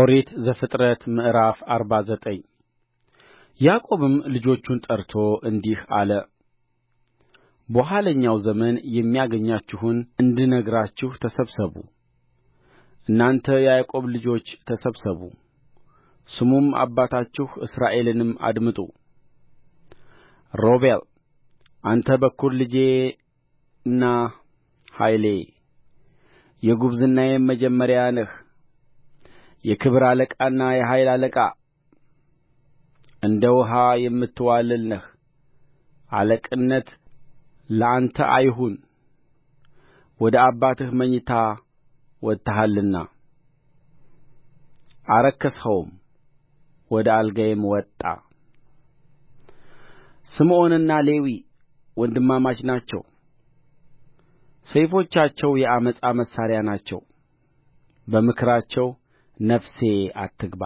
ኦሪት ዘፍጥረት ምዕራፍ አርባ ዘጠኝ ያዕቆብም ልጆቹን ጠርቶ እንዲህ አለ በኋለኛው ዘመን የሚያገኛችሁን እንድነግራችሁ ተሰብሰቡ እናንተ የያዕቆብ ልጆች ተሰብሰቡ ስሙም አባታችሁ እስራኤልንም አድምጡ ሮቤል አንተ በኵር ልጄና ኃይሌ የጕብዝናዬም መጀመሪያ ነህ የክብር አለቃና የኃይል አለቃ እንደ ውኃ የምትዋልል ነህ አለቅነት ለአንተ አይሁን ወደ አባትህ መኝታ ወጥተሃልና አረከስኸውም ወደ አልጋዬም ወጣ ስምዖንና ሌዊ ወንድማማች ናቸው ሰይፎቻቸው የዓመፃ መሣሪያ ናቸው በምክራቸው ነፍሴ አትግባ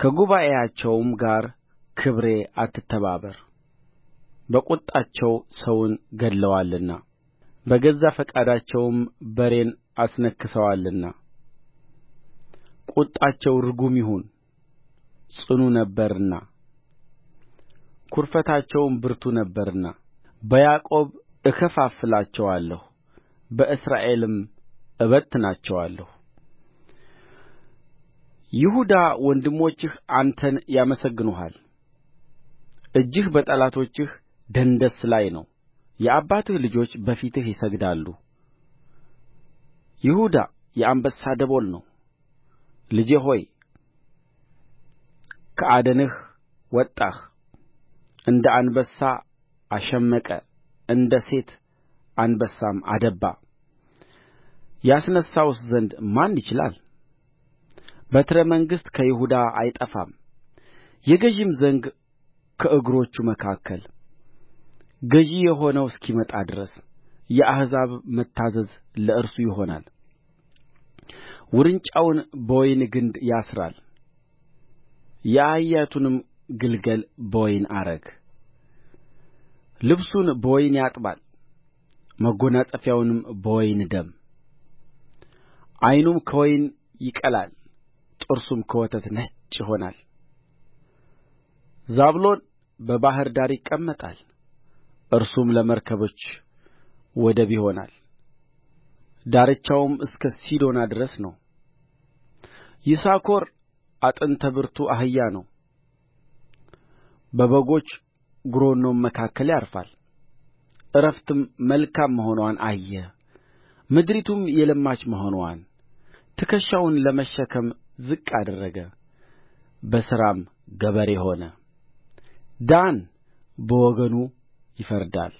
ከጉባኤአቸውም ጋር ክብሬ አትተባበር በቍጣቸው ሰውን ገድለዋልና በገዛ ፈቃዳቸውም በሬን አስነክሰዋልና ቍጣቸው ርጉም ይሁን ጽኑ ነበርና ኵርፍታቸውም ብርቱ ነበርና በያዕቆብ እከፋፍላቸዋለሁ በእስራኤልም እበትናቸዋለሁ ይሁዳ ወንድሞችህ አንተን ያመሰግኑሃል እጅህ በጠላቶችህ ደንደስ ላይ ነው የአባትህ ልጆች በፊትህ ይሰግዳሉ ይሁዳ የአንበሳ ደቦል ነው ልጄ ሆይ ከአደንህ ወጣህ እንደ አንበሳ አሸመቀ እንደ ሴት አንበሳም አደባ ያስነሣውስ ዘንድ ማን ይችላል በትረ መንግሥት ከይሁዳ አይጠፋም የገዥም ዘንግ ከእግሮቹ መካከል ገዢ የሆነው እስኪመጣ ድረስ የአሕዛብ መታዘዝ ለእርሱ ይሆናል ውርንጫውን በወይን ግንድ ያስራል የአህያይቱንም ግልገል በወይን አረግ ልብሱን በወይን ያጥባል መጐናጸፊያውንም በወይን ደም ዓይኑም ከወይን ይቀላል ጥርሱም ከወተት ነጭ ይሆናል ዛብሎን በባሕር ዳር ይቀመጣል እርሱም ለመርከቦች ወደብ ይሆናል ዳርቻውም እስከ ሲዶና ድረስ ነው ይሳኮር አጥንተ ብርቱ አህያ ነው በበጎች ጕረኖም መካከል ያርፋል ዕረፍትም መልካም መሆንዋን አየ ምድሪቱም የለማች መሆንዋን ትከሻውን ለመሸከም ዝቅ አደረገ በሥራም ገበሬ ሆነ ዳን በወገኑ ይፈርዳል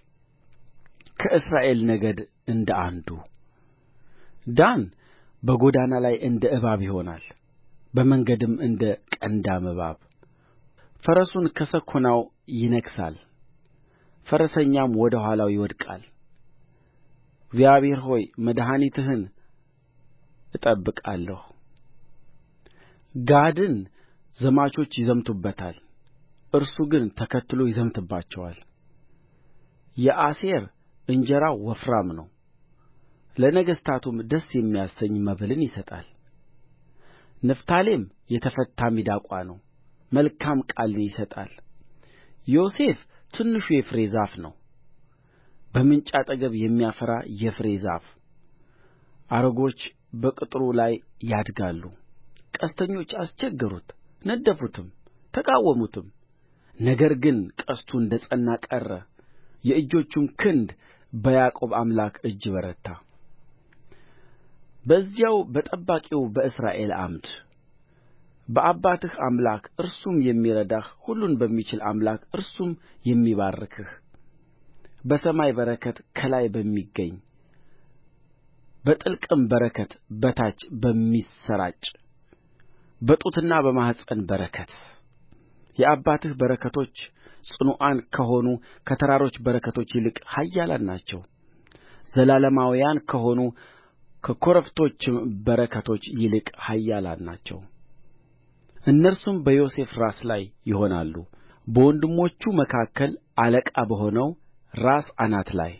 ከእስራኤል ነገድ እንደ አንዱ ዳን በጎዳና ላይ እንደ እባብ ይሆናል በመንገድም እንደ ቀንዳም እባብ ፈረሱን ከሰኮናው ይነክሳል ፈረሰኛም ወደ ኋላው ይወድቃል እግዚአብሔር ሆይ መድኃኒትህን እጠብቃለሁ ጋድን ዘማቾች ይዘምቱበታል እርሱ ግን ተከትሎ ይዘምትባቸዋል የአሴር እንጀራው ወፍራም ነው ለነገሥታቱም ደስ የሚያሰኝ መብልን ይሰጣል ንፍታሌም የተፈታ ሚዳቋ ነው መልካም ቃልን ይሰጣል ዮሴፍ ትንሹ የፍሬ ዛፍ ነው በምንጭ አጠገብ የሚያፈራ የፍሬ ዛፍ አረጎች በቅጥሩ ላይ ያድጋሉ ቀስተኞች አስቸገሩት ነደፉትም ተቃወሙትም ነገር ግን ቀስቱ እንደ ጸና ቀረ የእጆቹም ክንድ በያዕቆብ አምላክ እጅ በረታ በዚያው በጠባቂው በእስራኤል ዓምድ በአባትህ አምላክ እርሱም የሚረዳህ ሁሉን በሚችል አምላክ እርሱም የሚባርክህ በሰማይ በረከት ከላይ በሚገኝ በጥልቅም በረከት በታች በሚሠራጭ በጡትና በማኅፀን በረከት የአባትህ በረከቶች ጽኑዓን ከሆኑ ከተራሮች በረከቶች ይልቅ ኃያላን ናቸው ዘላለማውያን ከሆኑ ከኮረብቶችም በረከቶች ይልቅ ኃያላን ናቸው እነርሱም በዮሴፍ ራስ ላይ ይሆናሉ በወንድሞቹ መካከል አለቃ በሆነው ራስ አናት ላይ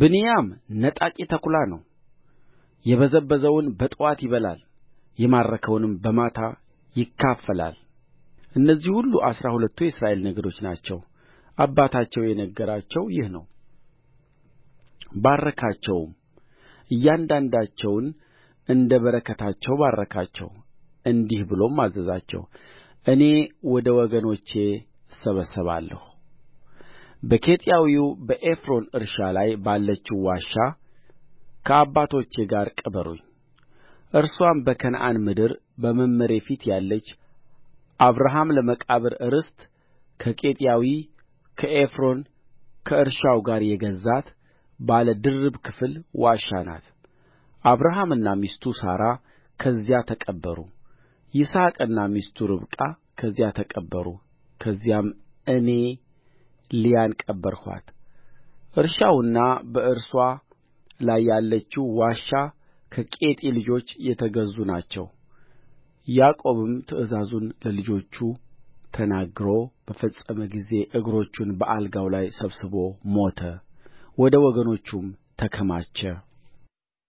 ብንያም ነጣቂ ተኵላ ነው የበዘበዘውን በጥዋት ይበላል የማረከውንም በማታ ይካፈላል እነዚህ ሁሉ አሥራ ሁለቱ የእስራኤል ነገዶች ናቸው አባታቸው የነገራቸው ይህ ነው ባረካቸውም እያንዳንዳቸውን እንደ በረከታቸው ባረካቸው እንዲህ ብሎም አዘዛቸው እኔ ወደ ወገኖቼ እሰበሰባለሁ በኬጢያዊው በኤፍሮን እርሻ ላይ ባለችው ዋሻ ከአባቶቼ ጋር ቅበሩኝ እርስዋም በከነዓን ምድር በመምሬ ፊት ያለች አብርሃም ለመቃብር ርስት ከኬጢያዊ ከኤፍሮን ከእርሻው ጋር የገዛት ባለ ድርብ ክፍል ዋሻ ናት አብርሃምና ሚስቱ ሣራ ከዚያ ተቀበሩ ይስሐቅና ሚስቱ ርብቃ ከዚያ ተቀበሩ ከዚያም እኔ ልያን ቀበርኋት እርሻውና በእርሷ ላይ ያለችው ዋሻ ከኬጢ ልጆች የተገዙ ናቸው ያዕቆብም ትእዛዙን ለልጆቹ ተናግሮ በፈጸመ ጊዜ እግሮቹን በአልጋው ላይ ሰብስቦ ሞተ ወደ ወገኖቹም ተከማቸ